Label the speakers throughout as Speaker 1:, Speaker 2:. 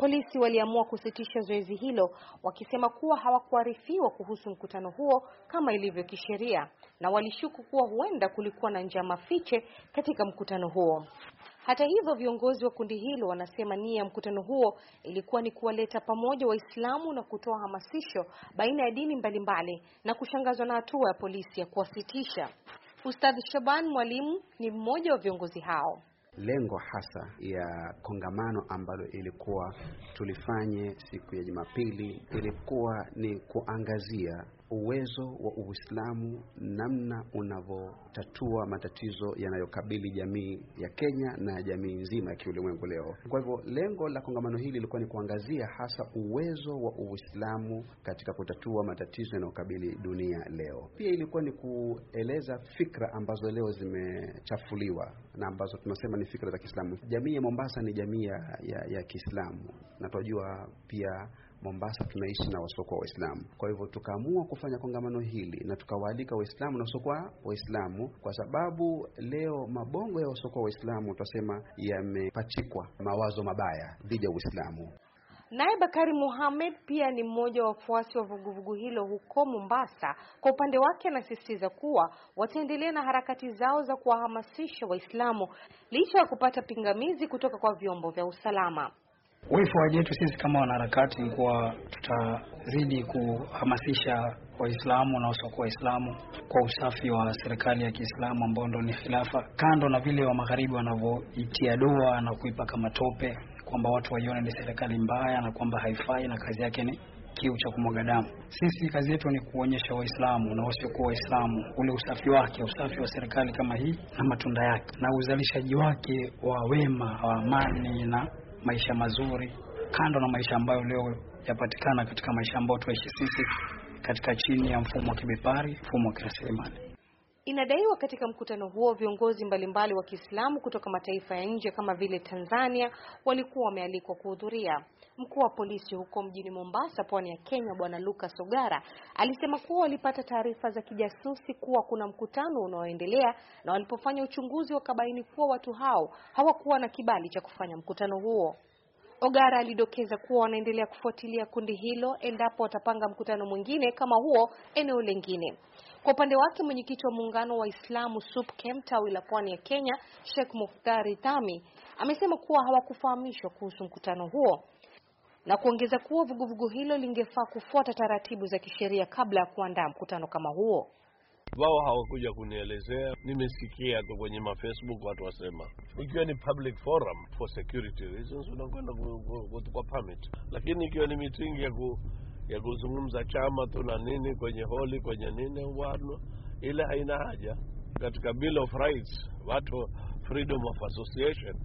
Speaker 1: Polisi waliamua kusitisha zoezi hilo wakisema kuwa hawakuarifiwa kuhusu mkutano huo kama ilivyo kisheria na walishuku kuwa huenda kulikuwa na njama fiche katika mkutano huo. Hata hivyo, viongozi wa kundi hilo wanasema nia ya mkutano huo ilikuwa ni kuwaleta pamoja Waislamu na kutoa hamasisho baina ya dini mbalimbali na kushangazwa na hatua ya polisi ya kuwasitisha. Ustadh Shaban Mwalimu ni mmoja wa viongozi hao
Speaker 2: lengo hasa ya kongamano ambalo ilikuwa tulifanye siku ya Jumapili ilikuwa ni kuangazia uwezo wa Uislamu namna unavyotatua matatizo yanayokabili jamii ya Kenya na jamii nzima ya kiulimwengu leo. Kwa hivyo lengo la kongamano hili lilikuwa ni kuangazia hasa uwezo wa Uislamu katika kutatua matatizo yanayokabili dunia leo. Pia ilikuwa ni kueleza fikra ambazo leo zimechafuliwa na ambazo tunasema ni fikra za Kiislamu. Jamii ya Mombasa ni jamii ya, ya Kiislamu na tunajua pia Mombasa tunaishi na wasiokuwa Waislamu. Kwa hivyo tukaamua kufanya kongamano hili na tukawaalika Waislamu na wasiokuwa Waislamu, kwa sababu leo mabongo ya wasiokuwa Waislamu tutasema yamepachikwa mawazo mabaya dhidi ya Uislamu.
Speaker 1: Naye Bakari Muhammad pia ni mmoja wa wafuasi wa vuguvugu hilo huko Mombasa. Kwa upande wake, anasisitiza kuwa wataendelea na harakati zao za kuwahamasisha Waislamu licha ya kupata pingamizi kutoka kwa vyombo vya usalama.
Speaker 3: Wifwaji yetu sisi kama wanaharakati ni kuwa tutazidi kuhamasisha Waislamu na wasiokuwa Waislamu kwa usafi wa serikali ya Kiislamu ambao ndo ni khilafa, kando na vile wa magharibi wanavyoitia doa na kuipaka matope kwamba watu waione ni serikali mbaya na kwamba haifai na kazi yake ni kiu cha kumwaga damu. Sisi kazi yetu ni kuonyesha Waislamu na wasiokuwa Waislamu ule usafi wake, usafi wa serikali kama hii na matunda yake na uzalishaji wake wa wema, wa amani na maisha mazuri, kando na maisha ambayo leo yapatikana katika maisha ambayo tuishi sisi katika chini ya mfumo wa kibepari, mfumo wa kirasilimali.
Speaker 1: Inadaiwa katika mkutano huo viongozi mbalimbali wa Kiislamu kutoka mataifa ya nje kama vile Tanzania walikuwa wamealikwa kuhudhuria. Mkuu wa polisi huko mjini Mombasa, pwani ya Kenya, Bwana Lucas Ogara alisema kuwa walipata taarifa za kijasusi kuwa kuna mkutano unaoendelea, na walipofanya uchunguzi wakabaini kuwa watu hao hawakuwa na kibali cha kufanya mkutano huo. Ogara alidokeza kuwa wanaendelea kufuatilia kundi hilo endapo watapanga mkutano mwingine kama huo eneo lingine. Kwa upande wake, mwenyekiti wa muungano wa Islamu SUPKEM tawi la pwani ya Kenya, Sheikh Muftari Tami, amesema kuwa hawakufahamishwa kuhusu mkutano huo na kuongeza kuwa vuguvugu hilo lingefaa kufuata taratibu za kisheria kabla ya kuandaa mkutano kama huo.
Speaker 4: Wao hawakuja kunielezea, nimesikia tu kwenye mafacebook watu wasema, ikiwa ni public forum for security reasons unakwenda kwa permit, lakini ikiwa ni mitingi ya ku, ya kuzungumza chama tu na nini kwenye holi kwenye nini wano, ile haina haja katika Bill of Rights, watu freedom of association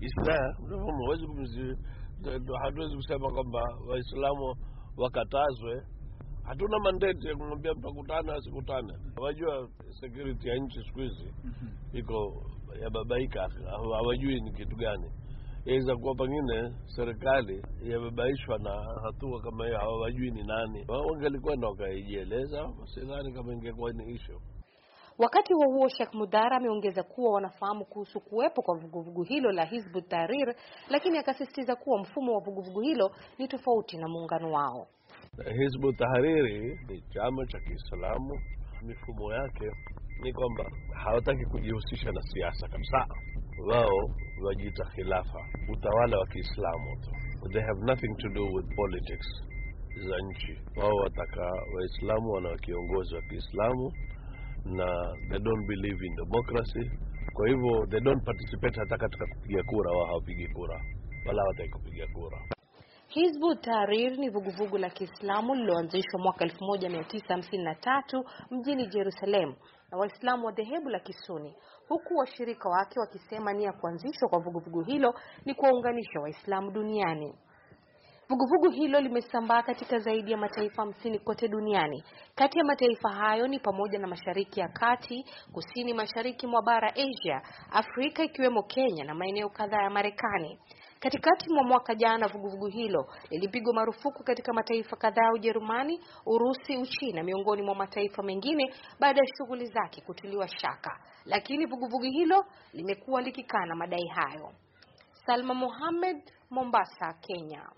Speaker 4: is there, huwezi hatuwezi kusema kwamba waislamu wakatazwe hatuna mandeti ya kumwambia mtakutana asikutane wajua security ya nchi siku hizi mhm. iko ya babaika hawajui ni kitu gani iweza kuwa pengine serikali yababaishwa na hatua kama hiyo hawajui ni nani wangelikwenda wakaijieleza sidhani kama ingekuwa ni ishu
Speaker 1: Wakati huo huo, Sheikh Mudara ameongeza kuwa wanafahamu kuhusu kuwepo kwa vuguvugu hilo la Hizbu Tahrir, lakini akasisitiza kuwa mfumo wa vuguvugu hilo ni tofauti na muungano wao.
Speaker 4: Hizbu Tahriri ni chama cha Kiislamu. Mifumo yake ni kwamba hawataki kujihusisha na siasa kabisa, wao wajiita khilafa, utawala wa Kiislamu tu. They have nothing to do with politics za nchi. Wao wataka Waislamu wana kiongozi wa Kiislamu na they don't believe in democracy. Kwa hivyo they don't participate hata katika kupiga kura, wao hawapigi kura wala hawataki kupiga kura.
Speaker 1: Hizbu Tahrir ni vuguvugu la Kiislamu lililoanzishwa mwaka 1953 mjini Jerusalem na Waislamu wa dhehebu la Kisuni, huku washirika wake wakisema nia ya kuanzishwa kwa vuguvugu hilo ni kuwaunganisha Waislamu duniani. Vuguvugu hilo limesambaa katika zaidi ya mataifa hamsini kote duniani. Kati ya mataifa hayo ni pamoja na Mashariki ya Kati, Kusini Mashariki mwa bara Asia, Afrika ikiwemo Kenya na maeneo kadhaa ya Marekani. Katikati mwa mwaka jana vuguvugu hilo lilipigwa marufuku katika mataifa kadhaa ya Ujerumani, Urusi, Uchina miongoni mwa mataifa mengine baada ya shughuli zake kutiliwa shaka. Lakini vuguvugu hilo limekuwa likikana madai hayo. Salma Mohamed, Mombasa, Kenya.